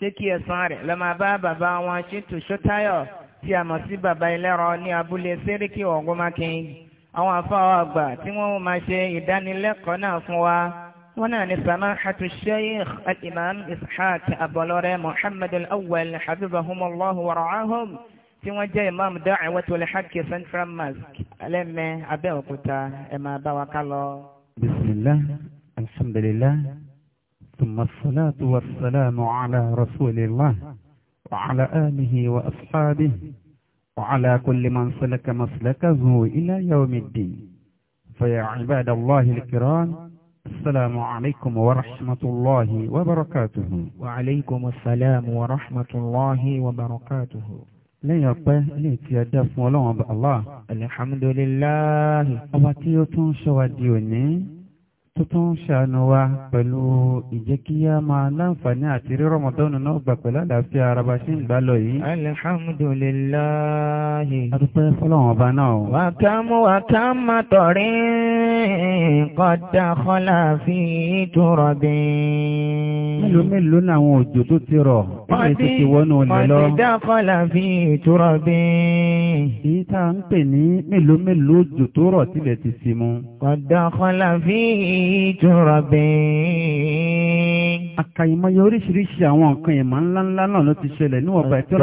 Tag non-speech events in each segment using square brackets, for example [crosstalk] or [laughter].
pé kí ẹ̀san rẹ̀ lọ máa bá bàbá wọn Chintu Ṣótáyọ̀ tí a mọ̀ sí bàbá ẹlẹ́rọ ní abúlé Séríkì Ògúnmákin àwọn afáwọ̀ àgbà tí wọ́n máa ṣe ìdánilẹ́kọ̀ọ́ náà fún wa wọ́n náà ní samahatu sheikh al-imam ishaq abọlọ́rẹ́ Muhammad al-awwal habibahumullahu wa ra'ahum tí wọ́n jẹ́ imam da'watul haqqi central mosque alẹ́mẹ́ abẹ́òkúta ẹ̀ máa bá wa ká lọ. bisimilah alhamdulilah. ثم الصلاة والسلام على رسول الله وعلى آله وأصحابه وعلى كل من سلك مسلكه إلى يوم الدين فيا عباد الله الكرام السلام عليكم ورحمة الله وبركاته وعليكم السلام ورحمة الله وبركاته لا يبقى ilé يا ẹ الله الحمد لله ọba allah. alhamdulilayi. tuntun ṣàánú wa pẹ̀lú ìjẹ́kíyá máa láǹfààní àti rí rọmọdọ́nù náà gbà pẹ̀lú àlàáfíà araba sí ìgbà lọ yìí. alihamudulilayi. adúpẹ́ fọlọ́wọ́n ọba náà. wàkàmù wàkàmù tọ̀rí kọ́dà kọ́lá fi ìtura bẹ́ẹ̀. mélòó mélòó làwọn òjò tó ti rọ̀ nígbà tí ti wọnú ilẹ̀ lọ. kọ́dà kọ́lá fi ìtura bẹ́ẹ̀. èyí tá à ń pè ní mélòó mélòó òjò tó rọ̀ tilẹ̀ ti sì kọ́dà kọ́lá fi ìtura bẹ́ẹ̀ ju rabbi. Àkàìmọye oríṣiríṣi àwọn nǹkan ìmọ̀ ńláńlá náà ló ti ṣẹlẹ̀ ní ọ̀bà ìtọ́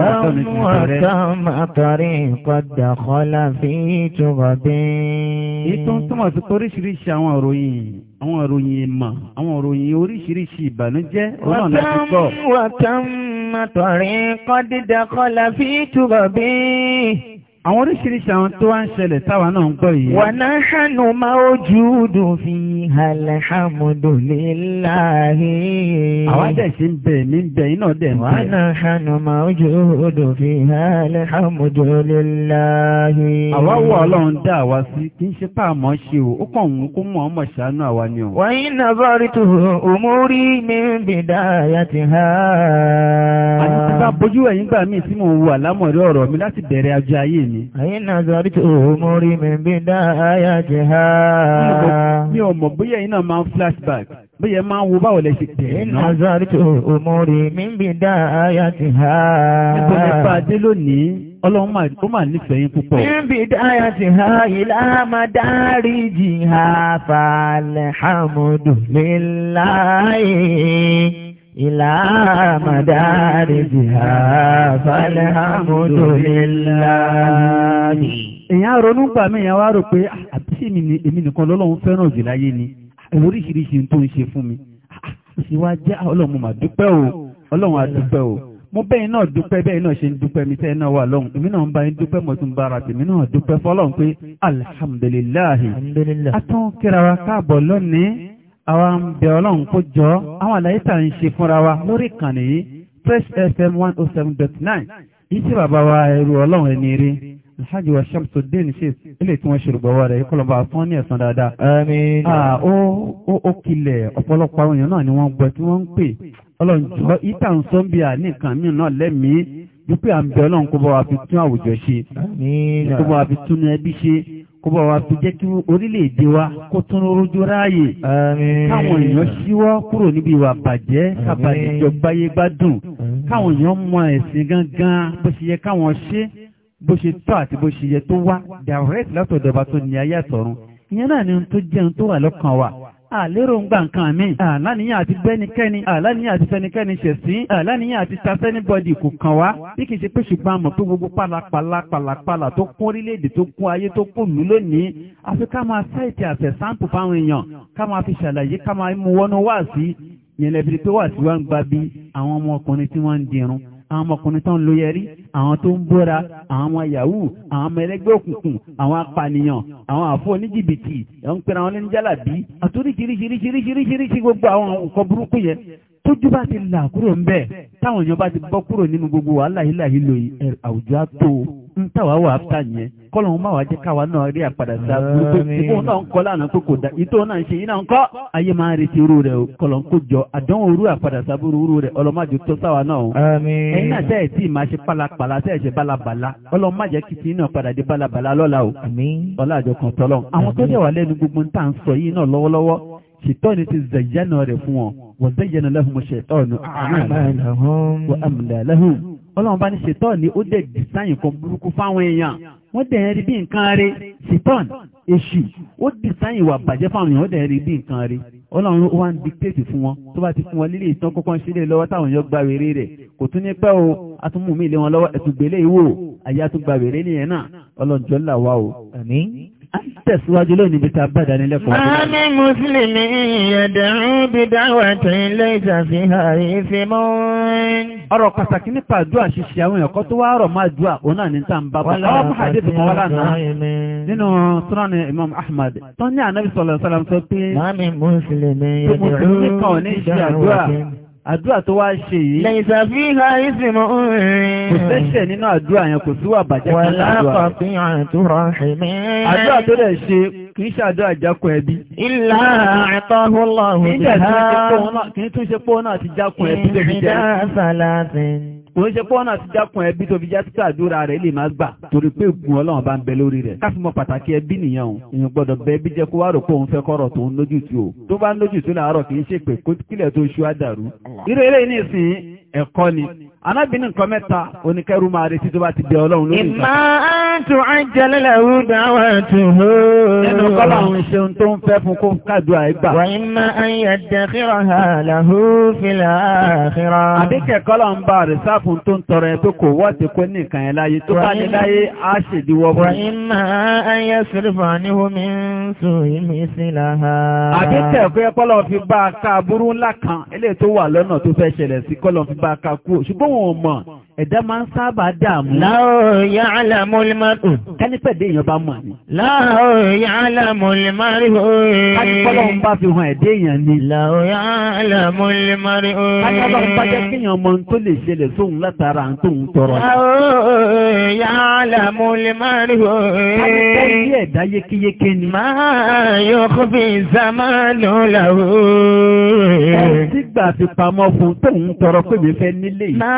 ọ̀tọ́ fi ju rabbi. Ìtún túmọ̀ sí àwọn òròyìn ìmọ̀ àwọn òròyìn oríṣiríṣi ìbànújẹ́ ọ̀nà láti gbọ́. Wàtàmọ̀tọ̀rí kọ́ dídàkọ́lá fi ju rabbi àwọn oríṣiríṣi àwọn tó wá ń ṣẹlẹ̀ táwa náà ń gbọ́ yìí. wa nahnu mawjudun fiha alhamdulillahi. àwa dẹ̀ sí ń bẹ̀ mí bẹ̀ iná dẹ̀ ń bẹ̀. wa nahnu mawjudun fiha alhamdulillahi. àwa wọ ọlọ́run dá àwa sí kì í ṣe pá àmọ́ ṣe o ó kàn ń kó mọ̀ ọmọ ṣàánú àwa ni o. wa in nazartu umuri min bidayatiha. àti ti bá bojú ẹ̀yìn gbà mí tí mò ń wo àlámọ̀rí ọ̀rọ̀ mi láti bẹ̀rẹ̀ ajé ayé mi ni. Àyín náà sọrí tó mú rí mi bí dá ayá ti ha. Mi ò mọ̀ bóyá iná máa ń flashback, bóyá máa ń wo báwo lẹ ṣe tẹ̀ náà. Àyín náà sọrí tó mú rí mi bí dá ayá ti ha. Ẹ̀kọ́ nípa adé lónìí, ọlọ́run ó máa nífẹ̀ẹ́ yín púpọ̀. Níbi dáyà ti ha ìlà máa dárí jì ha falẹ̀ hàmùdù líláyé. إلى مدارجها فالحمد لله èyàn ronú gbà mí èyàn wá rò pé ah, àbísí mi ni èmi nìkan lọ́lọ́run fẹ́ràn jù láyé ni ah, oríṣiríṣi tó ń ṣe fún mi ah, sì wá jẹ́ ọlọ́run mà dúpẹ́ o ọlọ́run á dúpẹ́ o mo bẹ́ẹ̀ náà dúpẹ́ bẹ́ẹ̀ náà ṣe ń dúpẹ́ mi tẹ́ náà wà lọ́hùn èmi ń bá yín dúpẹ́ mo bára tèmi náà dúpẹ́ fọlọ́run pé alihamudulilayi atún kíra káàbọ̀ lónìí àwa ń bẹ ọlọ́run kó jọ àwọn àlàyé ń ṣe fúnra wa lórí ìkànnì fresh fm 107.9. oh seven dot nine bàbá wa ẹrú ọlọ́run ẹni rí alhaji wa shamsuddin ṣe ilé tí wọ́n ṣe rògbọ̀wọ́ rẹ̀ ìkọlọ́ba fún ní ẹ̀sán dáadáa. àmín. ó kilẹ̀ ọ̀pọ̀lọpọ̀ àwọn èèyàn náà ni wọ́n gbọ́ tí wọ́n ń pè ọlọ́run jọ ìta ń sọ bí i àníkàn mí náà lẹ́mìí wípé à ọlọ́run kó bá wa fi tún àwùjọ ṣe kó bá wa fi tún ẹbí ṣe kó wa fi jẹ́ kí orílẹ̀-èdè wa kó tún rójú ráàyè káwọn èèyàn ṣíwọ́ kúrò níbi ìwà bàjẹ́ kábàdìjọ gbáyé gbádùn káwọn èèyàn mọ ẹ̀sìn gangan bó ṣe yẹ káwọn ṣe bó ṣe tọ́ àti bó ṣe yẹ tó wá direct látọ̀dọ̀ ọba tó ní ayé àtọ̀run ìyẹn náà ni tó jẹun tó wà lọ́kàn wa àlérò ń gbà nǹkan mi àláníyàn àti bẹ́nikẹ́ni àláníyàn àti fẹnikẹ́ni ṣẹ̀sín àláníyàn àti tasẹ́nibọ́dì kò kàn wá bí kì í ṣe pé ṣùgbọ́n a mọ̀ pé gbogbo pálapàla pàlàpàlà tó kún orílẹ̀-èdè tó kún ayé tó kún mí lónìí àfi ká máa sáìtì àfẹ̀ sáǹpù fáwọn èèyàn ká máa fi ṣàlàyé ká máa mú wọnú wáàsí yẹn lẹ́bi tó wáàsí wá ń gbabi àwọn ọmọ ọkùnrin tí wọ́n ń dirun àwọn ọmọkùnrin tó ń lo yẹrí àwọn tó ń bóra àwọn ọmọ yahoo àwọn ọmọ ẹlẹgbẹ́ òkùnkùn àwọn apànìyàn àwọn àfọ oníjìbìtì ẹ̀wọ̀n pẹ̀lú àwọn oníjàlábí àtúríṣiríṣiríṣiríṣiríṣi gbogbo àwọn nǹkan burúkú yẹn tójú bá ti là kúrò ń bẹ̀ táwọn èèyàn bá ti bọ́ kúrò nínú gbogbo wàhálà yìí là yìí àwùjọ á ń tàwa wà áfítà yẹn kọ́lọ̀hún máa wà jẹ́ káwa náà rí àpàdà sí àgbègbè ìfowó náà ń kọ́ lánàá pé kò dá ìtò náà ń ṣe iná ń kọ́ ayé máa ń retí orú rẹ̀ kọ́lọ̀hún kó jọ àdánwò orú àpàdà sábúrú orú rẹ̀ ọlọ́mọdé tó sáwa náà o. ẹ̀yin náà tẹ́ tí màá ṣe pálapàla tẹ́ ṣe bálabàla ọlọ́mọdé kìtì náà padà dé bálabàla lọ́la o. ọlọ́àjọ kan tọ́lọ́ àwọn tó ọlọ́run bá ní ṣetán ni ó dẹ̀ dìsáyìn kan burúkú fáwọn èèyàn wọ́n dẹ̀ rí bí nǹkan rí ṣetán èṣù ó dìsáyìn wà bàjẹ́ fáwọn èèyàn ó dẹ̀ rí bí nǹkan rí ọlọ́run ó wá ń dictate fún wọn tó bá ti fún wọn lílé ìtàn kọ́kọ́ ń ṣílẹ̀ lọ́wọ́ táwọn èèyàn gba wèrè rẹ̀ kò tún ní pẹ́ o atúmùmí ilé wọn lọ́wọ́ ẹ̀tùgbélé ìwò àyà tó gba wèrè nìyẹn náà ọlọ́njọ́ là wá o tẹ̀síwájú lónìí bí ta bàdà nílẹ̀ fún ọdún. Máa Mùsùlùmí yẹ̀dẹ̀rún bí dáwà tí ilé ìṣàfihàn ìfẹ́ mọ́ ẹ́n. Ọ̀rọ̀ pàtàkì nípa àdúrà ṣíṣe àwọn ẹ̀kọ́ tó wá rọ̀ máa dúà òun náà ní ta ń bá bá. Ọ̀rọ̀ pàdé àdúrà tó wá ṣe yìí lẹ́yìn tàbí ìlà ìsìnmọ̀ orin kò sẹ́ṣẹ̀ nínú àdúrà yẹn kò sí wà bàjẹ́ kan láàdúrà àdúrà tó dẹ̀ ṣe kìí ṣàdúrà jákun ẹbí ìlà àtọ́húnlọ́hùn kìí tún ṣe pọ́ náà ti jákun ẹbí wọ́n ṣe pọ́nà ti jákun ẹbí tó fi já síkà àdúrà rẹ̀ lè má gbà torí pé ìkùn ọlọ́run bá ń bẹ lórí rẹ̀ káfí mọ pàtàkì ẹbí nìyẹn o èèyàn gbọ́dọ̀ bẹ ẹbí jẹ́ kó wá rò pé òun fẹ́ kọ́rọ̀ tó ń lójútu o tó bá ń lójútu láàárọ̀ kì í ṣe pé kílẹ̀ tó ń ṣú àdàrú. irú ní ìsìn ẹ̀kọ́ ni arábìnrin nǹkan mẹ́ta oníkẹ́rù máa retí tó bá ti bẹ ọlọ́run lórí ìgbà. ìmọ̀ àtún àjẹlẹ́lẹ̀ ọ̀dà wà tó hó. nínú kọ́lá àwọn ìṣeun tó ń fẹ́ fún kó kádùá ìgbà. wà ìmọ̀ ayẹ̀dẹ̀ kíra ha làhú fìlà kíra. àbíkẹ́ kọ́lá ń bá rẹ̀ sáfún tó ń tọrọ ẹ̀ pé kò wọ́ọ̀tì kó ní nǹkan láyé tó bá ní láyé á ṣèdíwọ́ fún. wà táwọn ọmọ ẹ̀dá máa ń sábà dààmú. láàrọ̀ yà á làmú lẹ́mọ́rù. kánípẹ̀dé èèyàn bá mọ̀ ni. láàrọ̀ yà á làmú lẹ́mọ́rù. kánípọ̀lọ́ ń bá fi hàn ẹ̀dá èèyàn ni. láàrọ̀ yà á làmú lẹ́mọ́rù. kánípọ̀lọ́ ń bá jẹ́ kéèyàn mọ tó lè ṣẹlẹ̀ tóun látara tóun tọrọ. láàrọ̀ yà á làmú lẹ́mọ́rù. kánípọ̀lọ́ ẹ̀dá yékéyéké ni. máa yọ kó fi zamanu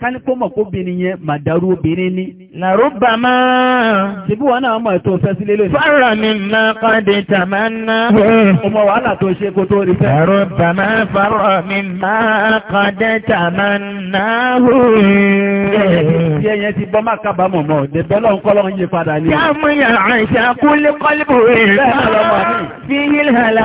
kánípọ́ mọ̀ kó bìnrin yẹn màdàrú obìnrin ni. làrúbà máa. ṣèbí wọn náà mọ̀ ètò ìfẹ́ sílé lónìí. fọ́ọ̀rọ̀ mi ná kọ́dé tàmá ná. ọmọ wàhálà tó ṣe kó tó rí fẹ́. làrúbà máa fọ́ọ̀rọ̀ mi má kọ́dé tàmá ná. ṣé ẹyẹ ti bọ́ máa kábàámọ̀ mọ́ dẹ̀bẹ́ lọ́n kọ́ lọ́n yí padà ní. yàmú yàrá ìṣàkúlé kọ́líbù rẹ̀. bẹ́ẹ̀ lọ́mọ mi. fi hílàlá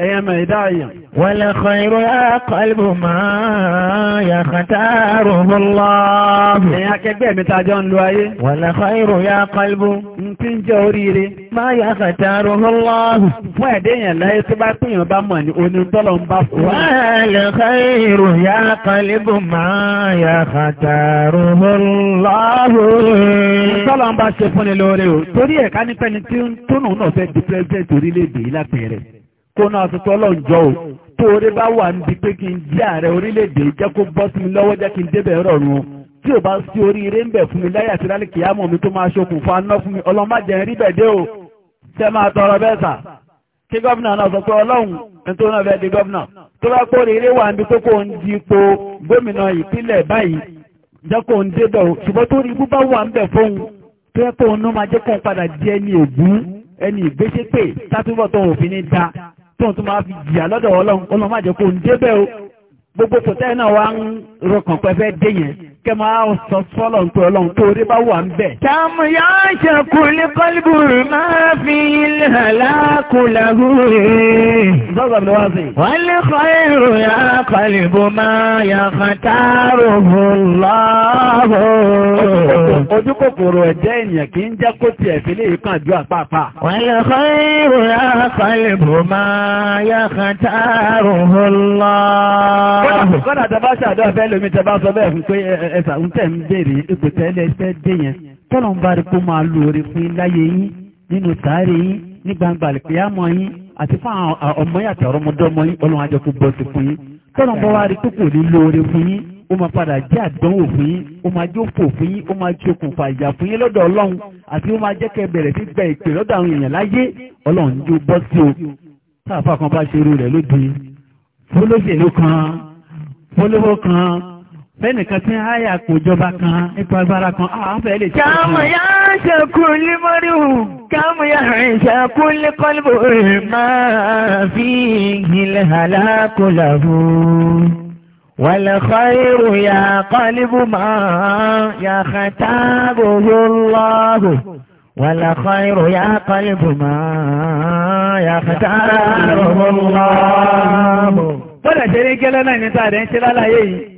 أيام هداية والخير أقلب ما يختاره الله يا كبير متاجون لواي والخير يا قلب ممكن جوريري ما يختاره الله وعدين لا يتبعطين بمن ونطلهم بفو والخير يا قلب ما يختاره الله طلهم بشفون لوريو توريه كان يتنطون تنون أفيد دي بريزيد توريلي دي لا بيري kó náà sọ pé ọlọ́run jọ o tó orí bá wà níbi pé kí n jẹ́ ààrẹ orílẹ̀-èdè jẹ́ kó bọ́ sí mi lọ́wọ́ jẹ́ kí n débẹ̀ rọrùn o tí ò bá sí oríire ń bẹ̀ fún mi láyà sí lálẹ́ kìámọ̀ mi tó máa ṣokùnfà ná fún mi ọlọ́run má jẹ́ rí bẹ̀ dé o ṣe máa tọrọ bẹ́ẹ̀ sà kí gọ́vnà náà sọ pé ọlọ́run tó náà fẹ́ di gọ́vnà tó bá kó oríire wà níbi tó kó ń di ipò gómìnà ìpínlẹ̀ báyìí jẹ́ kó ń débẹ̀ o ṣùgbọ́n tó rí ibú bá wà ń bẹ̀ fóun tó yẹ kó ń ná máa jẹ́ kó ń padà di ẹni ògún ẹni ìgbésẹ̀ pé sátúbọ̀ tó òfin ní da tóun tó máa fi jìyà lọ́dọ̀ ọlọ́run ọlọ́run má jẹ́ kó ń débẹ̀ o gbogbo pòtẹ́ náà wá ń rọkàn pẹ́fẹ́ dé yẹn kẹ máa sọ sọ́lọ̀ tó ọlọ́run tó orí bá wà ń bẹ̀. tààmù yá ṣẹ̀kù ní kọ́líbù máa fi ilẹ̀ aláàkùlàhù rẹ̀. zọ́zọ̀ mi wá sí. wọ́n lè kọ́ èrò yá kọ́líbù máa yà kàtàrò ojú kòkòrò ẹ̀jẹ̀ ènìyàn kì í jẹ́ kó tiẹ̀ fi lè kàn ju àpáàpá. wọ́n lè kọ́ ìrora àpálẹ̀ bò máa yá kan táàrù ọlọ́. kọ́dà tẹ bá ṣàdọ́ ọ̀fẹ́ lómi tẹ bá sọ bẹ́ẹ̀ fún pé ẹ̀sà ń tẹ̀ ń béèrè ipò tẹ́lẹ̀ ẹ̀ṣẹ́ dé yẹn tọ́lọ̀ ń bá rí kó máa lo orí fún iláyé yín nínú sàárè yín ní gbangba àlùkìyàmọ́ yín àti fún àwọn ọmọ yàtọ̀ ọmọdé ọmọ yín ọlọ́run àjọkú bọ́ sí fún yín tọ́lọ̀ ń bọ́ wá rí kó kò ní lo orí fún yín ó máa padà jẹ́ àdánwò fún yín ó máa jókòó fún yín ó máa jókòó ìjà fún yín lọ́dọ̀ ọlọ́run àti ó máa jẹ́ kẹ́ bẹ̀rẹ̀ sí gba ìpè lọ́dọ̀ àwọn èèyàn láyé ọlọ́run ní ó bọ́ sí o táàfà kan bá ṣerú rẹ̀ lóde fólóṣèlú kan fólówó kan fẹ́nìkan tí ń háyà kò jọba kan nípa agbára kan àáfẹ́ lè ṣe. kàmù yá ṣe kú lé mọ́ríwù kàmù yá ṣe kú máa fi ìhìnlẹ̀ àlákòlà fún. والخير يا قلب ما يا يختابه الله والخير يا قلب ما يا يختابه الله ولا شريك لنا náà ní tààrẹ ń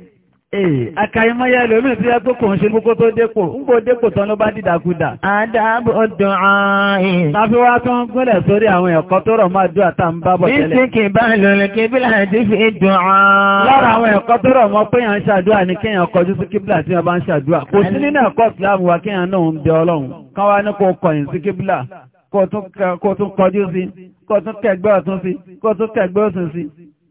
Eh, Àkàìmọ́yà lómi tí a tó kò ń ṣe kókó tó dépò, ń gbò dépò tán ló bá dìdàkudà. Àdábò dùn ààyè. Tàbí wá tó ń gúnlẹ̀ sórí àwọn ẹ̀kọ́ tó rọ̀ máa dùn àtà ń bábọ̀ tẹ́lẹ̀. Bí sínkì bá lòlù kíbílà ti fi dùn ààyè. Lára àwọn ẹ̀kọ́ tó rọ̀ mọ́ pé yàn ń ṣàdúrà ní kéèyàn kọjú sí kíbílà tí wọ́n bá ń ṣàdúrà. Kò sí nínú ẹ̀kọ́ ìsìlámù kẹgbẹ́ ọ̀tún sí, kó kẹgbẹ́ òsìn sí.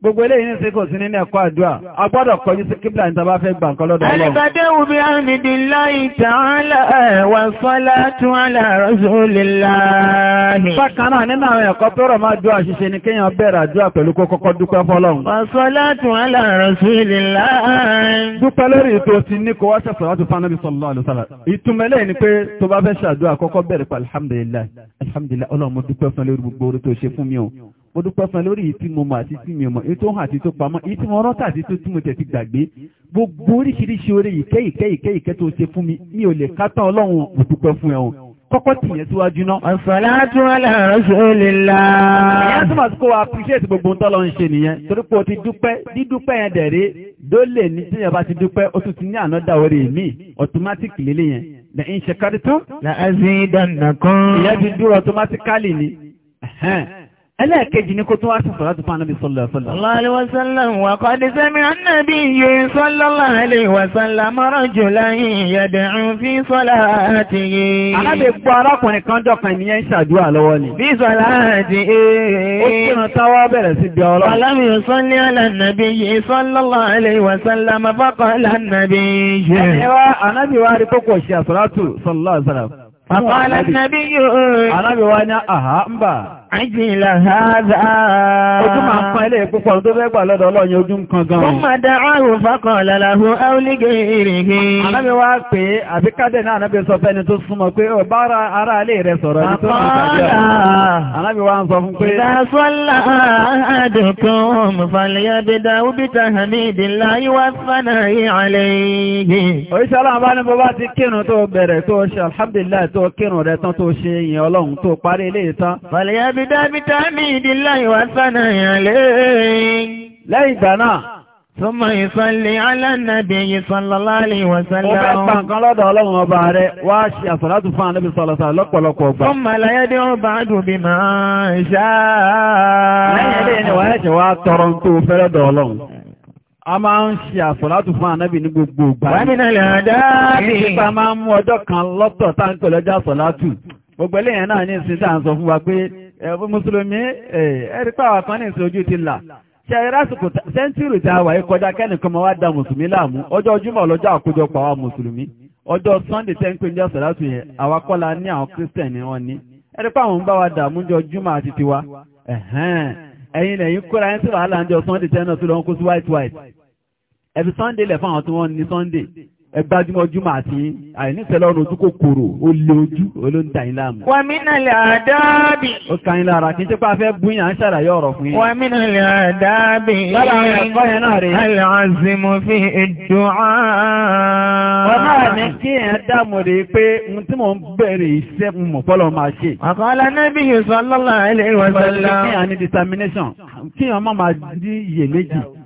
Gbogbo eléyìí ní sí kò sí nínú ẹ̀kọ́ àdúrà, a gbọ́dọ̀ kọjú sí kíblà ní tàbá fẹ́ gbà nǹkan lọ́dọ̀ Ọlọ́run. Àlìbádé wù bí àmìdì láì tààlà wà sọ́lá tún aláàrọ̀sọ́lélàáhì. Bákan náà nínú àwọn ẹ̀kọ́ tó rọ̀ máa dúà ṣíṣe ni kéèyàn bẹ̀rẹ̀ àdúà pẹ̀lú kọ́kọ́ dúpẹ́ fọ́lọ́run. Wà sọ́lá tún aláàrọ̀sọ́lélàáhì. Dúpẹ́ lórí ètò ní kó wá láti fún Anábì sallallahu alaihi ni pé tó bá fẹ́ ṣàdúà kọ́kọ́ bẹ̀rẹ̀ pẹ̀lú alhamdulillah. Alhamdulillah Ọlọ́run mo dúpẹ́ fún lórí gbogbo orí mo dúpẹ́ fún ẹ lórí ìtí mo mọ̀ àti tí mi mọ̀ èyí hàn àti tó pamọ́ èyí mo rọ́tà àti tó tí mo tẹ̀ ti gbàgbé gbogbo oríṣiríṣi oore ìkẹ́ ìkẹ́ ìkẹ́ ìkẹ́ tó ṣe fún mi mi ò lè kátán ọlọ́run mo fún ẹ kọ́kọ́ tì yẹn síwájú náà. As-salatu ala rasulillah. ìyẹn túmọ̀ sí kó wa appreciate gbogbo ohun tọ́lọ ń ṣe nìyẹn torí pé o ti dúpẹ́ dídúpẹ́ yẹn dẹ̀rẹ́ dólè ní tí yẹn bá ti dúpẹ́ o tún ti ní àná dáwọ́rẹ́ mi automatic lélẹ̀ yẹn la in shakartum. la azidannakum. ìyẹn ti dúró automatically ni ẹlẹ́ẹ̀kejì ní kó tún wá sí sọ̀rọ̀dù fún anábì sọ́lọ̀ ẹ̀sọ́lọ̀. aláàlẹ́wọ̀sọ́lọ̀ wà kọ́ di sẹ́mi anábì yìí sọ́lọ́lá àlẹ́wọ̀sọ́lá mọ́rọ̀ jù láyìn yẹ̀dẹ̀rún fi sọ́lá àti yìí. alábẹ̀ gbọ́ arákùnrin kan jọkàn ìyẹn ń ṣàdúrà lọ́wọ́ ni. bí sọ́lá àti ee. ó kírun táwa bẹ̀rẹ̀ sí bí ọlọ́run. ọlọ́run yóò sọ ní alànàbí yìí sọ́lọ́lá àlẹ́wọ̀sọ́lá mọ́fọ́kọ́ alànàbí yìí àjílà hádá. Ojú máa ń pán ilé púpọ̀ tó fẹ́ gbà lọ́dọ̀ ọlọ́yin ojú ń kan gan-an. Ó máa dá àrùn fákan lálàáhù áúlígé ìrìnhì. Ànábì wá pé àbí kádẹ̀ náà ànábì sọ fẹ́ni tó súnmọ́ pé ó bá ara alé rẹ̀ sọ̀rọ̀ ní tó ń kàjọ́. Ànábì wá ń sọ fún pé. Ìdásọ́lá àádùkún fàlẹ́yàbẹ̀dà ubita hamidilá yíwá fánà ìhàlẹ̀ yìí. Oríṣẹ́ aláwọ̀ tó ṣe ìyẹn ọlọ́run tó parí ilé ìtàn. Fàlẹ́yàb bídábítá ní ìdílá ìwásánà ìrànlẹ́. Lẹ́yìn ìgbà náà. Súnmọ̀ ìsọ́lé alánàbí ìsọ́lọ́lá lè wọ̀sánlá. Ó bẹ́ pa lọ́dọ̀ ọlọ́run ọba rẹ̀ wá ṣe àsàlátù fún ànábì sọ̀lọ̀sà lọ́pọ̀lọpọ̀ ọgbà. Ó mọ̀ ọba àdùnbí máa ṣáà. Lẹ́yìn ni wà ẹ̀ṣẹ̀ wá tọrọ ń ṣe àsàlátù ẹ̀bùn mùsùlùmí ẹ̀rí pàwà kan ní ìsojú ti là ṣe ìrásìkò sẹ́ńtúrì tí a wà yí kọjá kẹ́nìkan máa wá da mùsùlùmí láàmú ọjọ́ Jímọ̀ lọ́jọ́ àkójọpọ̀ àwọn mùsùlùmí ọjọ́ Sunday ten ń pè jọ́ sọ̀rọ̀tù yẹn àwa kọ́la ní àwọn kírísítẹ̀nì wọn ní ẹ̀rí pàwọn ń bá wa dààmú jọ Jímọ̀ àti tiwa ẹ̀yin lẹ́yìn kóra yín sí wàhálà ń jọ Sunday tẹ́ náà tó lọ́n Sunday lẹ̀ fún àwọn Sunday ẹgbájúmọ́ ojúmọ́ àti àìníṣẹ́lọ́rùn ojú kòkòrò ó lé ojú olóńtà ìlàmù. wàmínà lè àdáàbì. ó ka ń lára kí n tẹ́pá fẹ́ bú yàn ń ṣàlàyé ọ̀rọ̀ fún yín. wàmínà lè àdáàbì. lára ẹ̀kọ́ yẹn náà rèé. aláàzìmù fi ìdùn án. wọ́n náà ní kí èèyàn dààmú rè é pé n tí mò ń bẹ̀rẹ̀ iṣẹ́ mọ̀ fọ́lọ́ máa ṣe. àkọọ́lá nábì sallallahu alaihi wasallam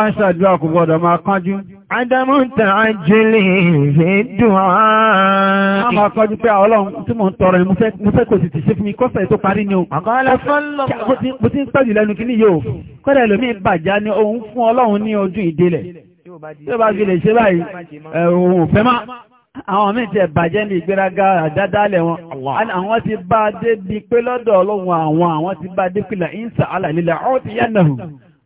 bá ń ṣàdúrà kò gbọ́dọ̀ máa kánjú. Adamu ta ajílẹ̀ ìfẹ́ dùn án. Wọ́n máa kọjú pé ọlọ́run tí mò ń tọrọ ẹ̀ mo fẹ́ kò sì ti ṣe fún mi kọ́sẹ̀ tó parí ni o. Àkọọ́lẹ̀ fọ́lọ́. Mo ti ń pẹ̀jù lẹ́nu kí ní yóò. Kọ́dà ẹlòmí bàjá ni òun fún ọlọ́run ní ojú ìdílẹ̀. Tí ó bá fi lè ṣe báyìí, òun ò fẹ́ máa àwọn míì tẹ bàjẹ́ ní ìgbéraga àdádálẹ̀ wọn àwọn ti bá dé bí pé lọ́dọ̀ ọlọ́run àwọn àwọn ti bá dé pìlà ìǹsà alàlílà ọ́ ti yánà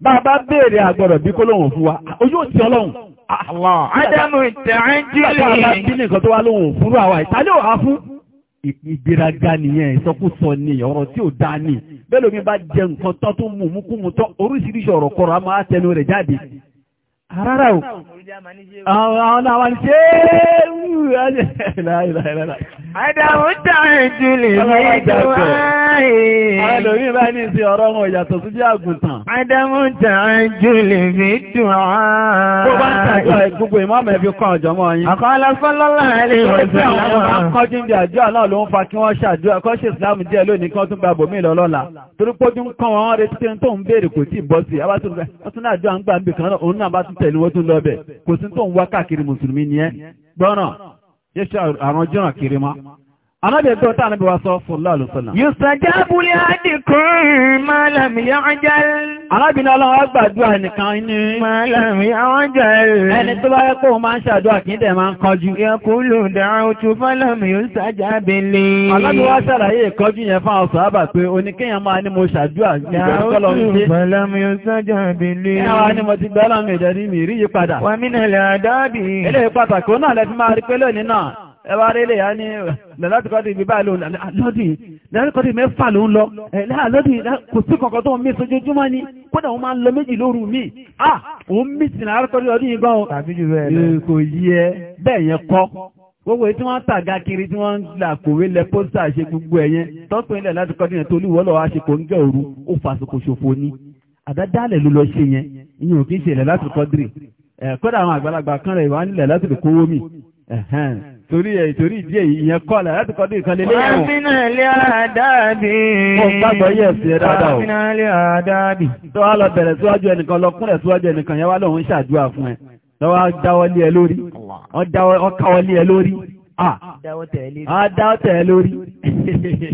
bá a bá béèrè àgbọ̀rọ̀ bí kólóhùn fún wa ojú ò tí ọlọ́run. Ádámù ìtàájú rẹ̀. Bàbá àbá bí nìkan tó wá lóhùn fúnrú àwa ìtàlẹ́ òhà fún. Ìgbéraga nìyẹn ìsọkúsọ ni ọ̀rọ̀ tí ò Rárá o, Àwọn àwọn ṣe Àdàmú tààrin jù lè ní ìjọba rẹ̀. Àwọn lórí bá ní sí ọ̀rọ̀ wọn ìyàtọ̀ sí jẹ́ àgùntàn. Àdàmú tààrin jù lè fi dùn ààrẹ. Bó bá ń tàjọ ìgbogbo ìmọ́mẹ̀ fi kan ọ̀jọ̀ mọ́ yín. Àkọ́lá sọ́lọ́lá rẹ̀ ìwọ̀sẹ̀ láwọn. Kọ́jú ń di àdúrà náà ló ń fa kí wọ́n ṣàdúrà kọ́ ṣe ìsìlámù díẹ̀ lónìí kan tún gba bòmí lọ lọ́la. Torí pójú ń kọ́ wọn retí tó ń béèrè kò tí ì bọ́ sí. Abátúndà ń gbà ń bì kan náà òun náà bá tún tẹ̀lé wọ́n tún lọ bẹ̀ kò sí tó ń wá káàkiri mùsùlùmí nìyẹn gbọ́nà yẹ́sẹ̀ àrùn ọjọ́ kiri mọ́. Anábẹ̀ẹ́gbọ́ tá níbi wa sọ fòlá àlùsọ́nà. Yùsàjá búlé àdìkún málàmì yáwọ́jẹ́l. Arábìnrin ọlọ́run agbàdúrà nìkan ní. Málàmì yáwọ́jẹ́l. Ẹni tó bá yẹ kó máa ń ṣàdúrà kí dẹ̀ máa ń kọjú. Yẹkúlù dáhùn tó fọ́làmì yùsàjá bèlè. Alábìnrin wa ṣàlàyé ìkọjú yẹn fún àwọn sọ̀rọ̀ pé oníkéyàn máa ní mo ṣàdúrà nígbà tó lọ ẹwà rẹ̀lẹ̀ yá ní lọ́dìkọ́dì bíbá lọ́dì lọ́dìkọ́dì mẹ́fà ló ń lọ lọ́dì kò sí kọ̀kọ́ tó ń mí sójoojúmọ́ ni kódà wọ́n máa ń lọ méjì lóru mi ah òun mí sí lọ́dìkọ́dì lọ́dì yìí gan kò yí ẹ bẹ́ẹ̀ yẹn kọ́ gbogbo tí wọ́n tà ga kiri tí wọ́n là kòwé lẹ pósítà ṣe gbogbo ẹ̀yẹn tọ́pẹ́ ilẹ̀ lọ́dìkọ́dì yẹn tolú wọ́lọ́ wa ṣe kò ń gẹ̀ òru ó fasokò ṣòfò ni àdádálẹ̀ ló lọ ṣe yẹn ìyẹn ò kí ń ṣe ilẹ̀ lọ́dìkọ́dì kódà àwọn àgbàlagbà kan rẹ̀ wọ́n á nílẹ̀ lọ́dìkọ́wó mi torí ẹ̀ torí ìdí èyí ìyẹn kọ́lá láti kọ́ dé ìkan lé lẹ́yìn òun. wàmínà lè àdáàbì. mo gbàgbọ́ yẹ̀ sí ẹ dáadáa o. wàmínà lè àdáàbì. tó wá lọ bẹ̀rẹ̀ síwájú ẹnìkan lọ kúnlẹ̀ síwájú ẹnìkan yẹn wá lòun ń ṣàdúrà fún ẹ lọ́wọ́ dáwọ́ lé ẹ lórí wọ́n káwọ́ [laughs]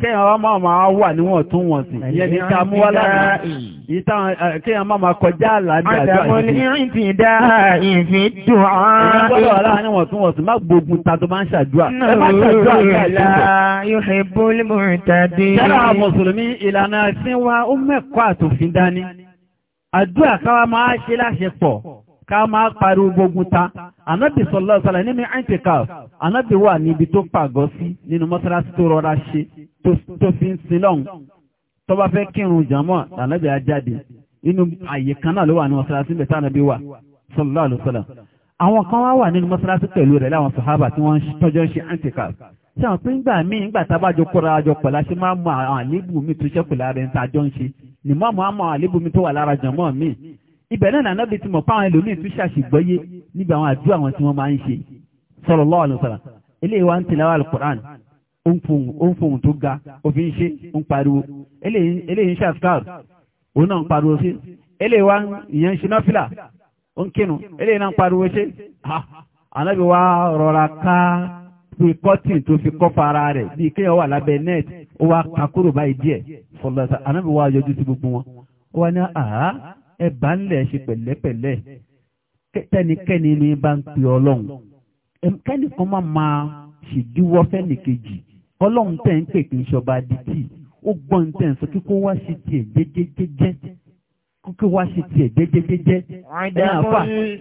kéèyàn wá máa máa wà níwọ̀ntúnwọ̀nsì ìyẹn ní ká mú wá lánàá kéèyàn máa máa kọjá àlàáfíà àjọ àti ìdí. àdàmọ́ ní ti dá ìfi dùn án. ìyẹn gbọ́dọ̀ wà láàrin wọ̀ntúnwọ̀nsì má gbógun ta tó máa ń ṣàdúrà. ẹ má ṣàdúrà ní àjọ. yuhibbul mu'tadin. jẹ́rọ àwọn mùsùlùmí ìlànà ẹ̀sìn wa ó mẹ́kọ̀ọ́ àtòfin dání. àdúrà káwa máa ṣe láṣepọ̀ ká máa pariwo gbogbo ta anábì sọlọ sọlọ ní mi àìtìkà anábì wà níbi tó pàgọ́ sí nínú mọ́sálásí tó rọra ṣe tó fi ń sin lọ́hùn tó bá fẹ́ kírun jàmọ́ anábì á jáde inú àyè kan náà ló wà ní mọ́sálásí bẹ̀ tánábì wà sọlọ àlùsọlọ àwọn kan wá wà nínú mọ́sálásí pẹ̀lú rẹ̀ láwọn sàhábà tí wọ́n tọ́jọ́ ṣe àìtìkà tí àwọn pé ńgbà míì ńgbà tá a bá jọ kóra jọ pẹ̀lú aṣẹ máa mọ àwọn àlébù mi tó ṣẹ́kù lára ẹni tá a jọ ń ṣe ni mọ́ àmọ́ àlébù mi tó wà lára jọ̀mọ́ mi ibẹ̀ náà nànà bí ti mọ̀ páwọn ẹlòmíì tún ṣàṣìgbọ́yé níbi àwọn àdúrà wọn tí wọ́n máa ń ṣe sallallahu alaihi wasallam eléyìí wá ń tilawa alukur'an ó ń fohùn tó ga òfin ṣe ń pariwo eléyìí ń ṣàfikàr òun náà ń pariwo sí eléyìí wá ìyẹn ń ṣe nọ́fìlà ó ń kinu eléyìí náà ń pariwo ṣe ànábi wá rọra ká bí kọ́tìn tó fi kọ́fà ara rẹ̀ bí kéèyàn wà lábẹ́ net ó wá kakúrò báyìí díẹ̀ sallallahu ànábi wá yọjú sí gbogbo wọn ó wá ní àhá ẹ bá ń lẹ̀ ṣe pẹ̀lẹ́pẹ̀lẹ́ tẹnikẹ́ni inú yín bá ń pe ọlọ́run ẹnikẹ́nìkan máa máa ṣèdíwọ́ fẹ́nìkejì ọlọ́run tẹ̀ ń pè kí n ṣọba adití ó gbọ́n tẹ̀ ń sọ kí kó wá ṣe tiẹ̀ jẹ́jẹ́jẹ́jẹ́ kókè wá ṣe tiẹ̀ jẹ́jẹ́jẹ́jẹ́ ẹ̀yìn àfà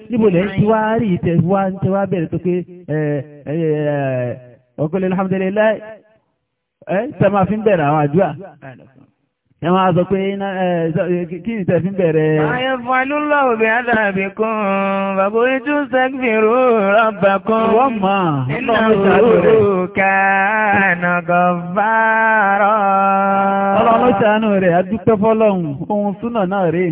níbo lẹ̀ ń ti wá rí ìtẹ̀ wá ń tẹ wá bẹ̀rẹ̀ tó pé ọ̀gbẹ́lẹ̀ alhamdulilayi ẹ̀ tẹ́ máa fi ń bẹ̀rẹ̀ àwọn àdúrà ẹ máa sọ pé kí ni tẹ́fí bẹ̀rẹ̀. ayé fún alúlọ òbí àdàbí kan bàbá ojú sẹ́gbìrú rọ́bà kan. wọ́n mọ̀ nínú òru kánà gọ̀ọ̀bárọ̀. ọlọ́run ṣàánú rẹ̀ adúpẹ́ fọlọ́hún ohun súnà náà rèé.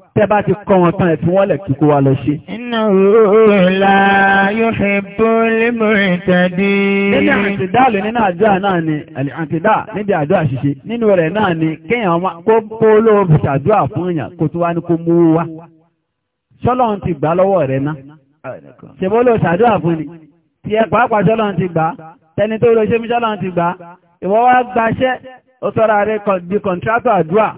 tẹ́bá ti kọ́ wọn tán ẹ̀tí wọ́n lẹ̀ kí kó wa lọ ṣe. iná òòlà yóò fi bó lémò ìtàdí. nínú àtìdá lè nínú àdúrà náà ni àtìdá níbi àdúrà ṣíṣe nínú rẹ̀ náà ni kéèyàn kó kó lóò fi ṣàdúrà fún èèyàn kó tó wá ní kó mú wá. ṣọ́lọ́run ti gbà lọ́wọ́ rẹ̀ ná. ṣèbó ló ṣàdúrà fún ni. tí ẹ pàápàá ṣọ́lọ́run ti gbà tẹni tó lọ ṣe mí ṣọ́lọ́run ti gbà ìwọ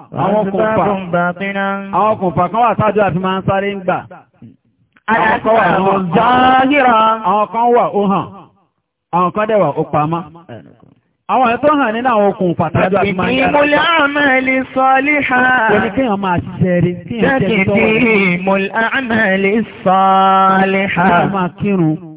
àwọn kùnfà kan wà tájú àfi máa ń sáré ń gbà àwọn kan wà ó hàn àwọn kan dẹ̀wà ó pamọ́ àwọn ẹ̀ tó hàn nínú àwọn okùn pàtàkì ìmúlẹ̀ àmàlì sọ́líhà. wọ́n máa ṣiṣẹ́ rí. jẹ́kìdì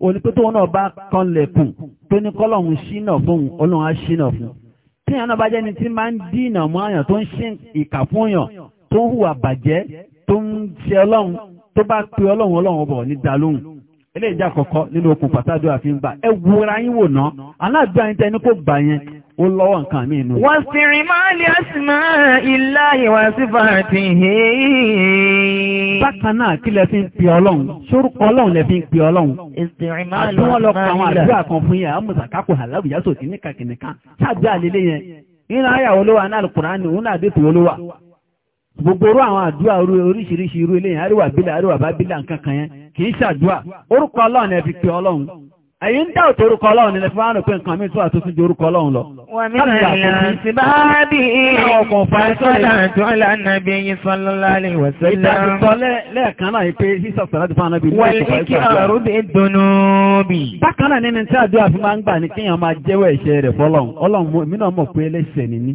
onípótó náà bá kanlẹ̀kùn tó ní kọ́lọ̀hún ṣínà fún ọlọ́run á ṣínà fún tí ìyànà bá jẹ́ni tí máa ń dínà mọ́ àyàn tó ń ṣe ìkà fún yàn tó ń hùwà bàjẹ́ tó ń ṣe ọlọ́run tó bá pe ọlọ́run ọlọ́run ọbọ̀ ní dalóhùn eléyìí jẹ́ àkọ́kọ́ nínú okùn pàtàdó àfihàn gbà ẹ wúra yín wò ná aláàgbà yín tẹ́ ní kò gbà yẹn ó lọ́wọ́ nǹkan mí inú. wọ́n sì rìn máa si àsìmá ilá ìwà sífà àti ìhìn. bákan náà kí lẹ fi ń pè ọlọ́run sórúkọ ọlọ́run lẹ fi ń pè ọlọ́run. àti àwọn àdúrà kan fún yà á mú sàkápò àlábùyá sòtì ní kàkìnìkan ṣáàbí yẹn nínú olówó àwọn àdúrà oríṣiríṣi Ẹ̀yin ń dá òtò orúkọ ọlọ́run nílẹ̀ fún àrùn pé nǹkan mí tó àtúntún ju orúkọ ọlọ́run lọ. Wọ́n ní ìlànà sí bá bí i fásọ́lá tó lánà bí i sọ́lọ́lá lè wọ̀sẹ́lá. Ìdàkùkọ lẹ́ẹ̀kan náà pé sísọ̀tọ̀ láti fún ànábì ní ìṣẹ̀fà ìgbà. Bákan náà nínú tí àdúrà fi máa ń gbà ní kíyàn máa jẹ́wọ́ ẹ̀ṣẹ̀ rẹ̀ fọ́lọ́run. Ọlọ́run mi náà mọ̀ pé ẹlẹ́ṣẹ̀ ni mí.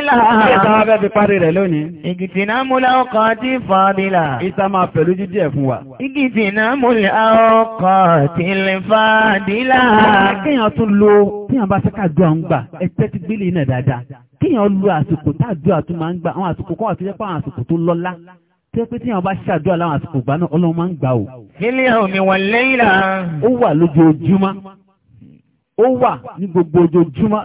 Wọ́n Ìta fẹ́ fi parí rẹ̀ lónìí. Ìgìtì náà mú lá ọkọ̀ tí fàdílà. Ìta máa pẹ̀lú jíjẹ́ fún wa. Ìgìtì náà mú lá ọkọ̀ tí lè fàdílà. Kíyàn tún lo kíyàn bá fẹ́ kájú àwọn gbà, ẹ̀tẹ́ ti gbélé náà dáadáa. Kíyàn lo àsìkò tájú àtún máa ń gbà, àwọn àsìkò kan àti jẹ́pọ̀ àwọn àsìkò tó lọ́lá. Tí ó pé tíyàn bá ṣàdúrà láwọn àsìkò gbà náà, Ọlọ́run máa ń gbà ò. Nílé omi wọ̀ lẹ́yìn náà. Ó wà lójoojúmọ́. Ó wà ní gbogbo ojoojúmọ́.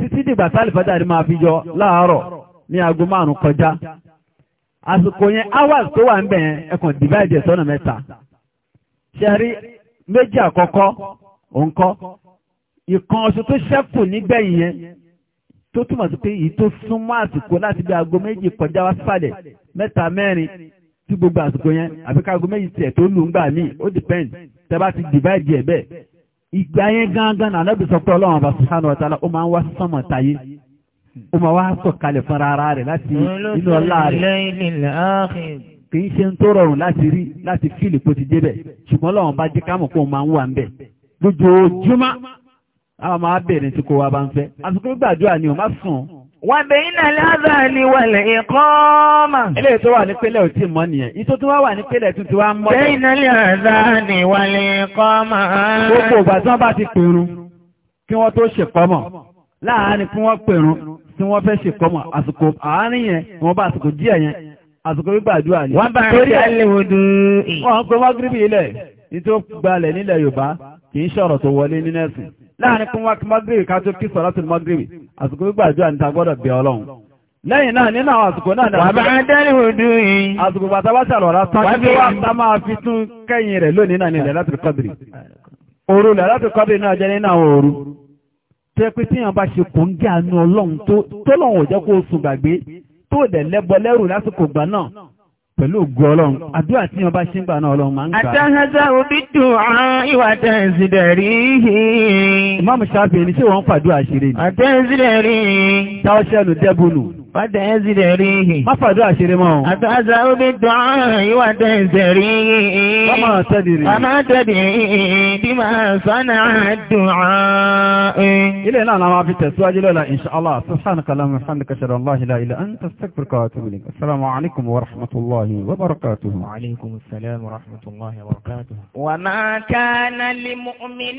títí dìgbà tálífàjáde máa fi yọ láàárọ̀ ní aago márùn-ún kọjá àsìkò yẹn hours tó wà ń bẹ̀ yẹn ẹkùn divide sọ́nà mẹ́ta ṣẹ́rí méjì àkọ́kọ́ òǹkọ́ ìkan ọ̀ṣun tó ṣẹ́kù nígbẹ̀yìn yẹn tó túmọ̀ sí pé èyí tó súnmọ́ àsìkò láti bí aago méjì kọjá wá sísàlẹ̀ mẹ́ta mẹ́rin tí gbogbo àsìkò yẹn àbí ká aago méjì tiẹ̀ tó lù ń gbà míì ó depend tẹ́ bá ti divide ẹ̀ bẹ́ẹ̀ ìgbà yẹn gángan náà lọ́bí sọ pé ọlọ́run ọba subhanahu wa ta'ala ó máa ń wá sọ́mọ̀ táyé ó máa wá sọ̀kalẹ̀ fúnra ara rẹ̀ láti inú ọlá rẹ̀ kì í ṣe ń tó rọrùn láti rí láti fíìlì kó ti débẹ̀ ṣùgbọ́n ọlọ́run bá jẹ́ kámọ̀ kó máa ń wà ń bẹ̀ lójoojúmọ́ àwọn máa bẹ̀rẹ̀ tí kò wá bá ń fẹ́ àsìkò gbàdúrà ni ò má sùn وَبَيْنَ الْأَذَانِ وَالْإِقَامَةِ Ilé tó wà ní pẹ́lẹ̀ ò tí mọ́ nìyẹn. Ìtò tó wá wà ní pẹ́lẹ̀ tún ti wá mọ́. بَيْنَ الْأَذَانِ وَالْإِقَامَةِ Gbogbo ìgbà tí wọ́n bá ti pèrún kí wọ́n tó ṣèkọ́mọ̀. Láàárín fún wọ́n pèrún tí wọ́n fẹ́ ṣèkọ́mọ̀ àsìkò àárín yẹn wọ́n bá àsìkò díẹ̀ yẹn àsìkò gbígbàdúrà ni. Wọ́n bá ń tẹ́lẹ̀ odò. Wọ́n láàrin kún wá kí ká tó kí àsìkò gbígbàjọ́ àníta gbọ́dọ̀ bí ọlọ́run lẹ́yìn náà nínú àwọn àsìkò náà dáa bá dẹ́rì òdú yìí àsìkò bàtà bá ṣàlọ́ra tán kí sá máa fi tún rẹ̀ lónìí náà láti kọ́bìrì òru kọ́bìrì náà jẹ́ nínú àwọn òru tó pẹ̀lú ògùn ọlọ́run àdúrà tí wọ́n bá ṣe ń gbà náà ọlọ́run máa ń gbà. àtàhàzà òbí dùn án ìwà tẹ̀sílẹ̀ rí i. ìmáàmù ṣáfì ni ṣé wọ́n ń pàdúrà ṣeré ni. àtẹ̀sílẹ̀ rí i. táwọn ṣẹ́nu dẹ́bùnù. وتزدريه مفضع شرمه أتعزه بالدعاء وتزدريه وما تدري وما تدري بما صنع الدعاء إليه لا نعم في التسواج لا إن شاء الله سبحانك اللهم وبحمدك أشهد أن لا إله إلا أنت أستغفرك وأتوب إليك السلام عليكم ورحمة الله وبركاته وعليكم السلام ورحمة الله وبركاته وما كان لمؤمن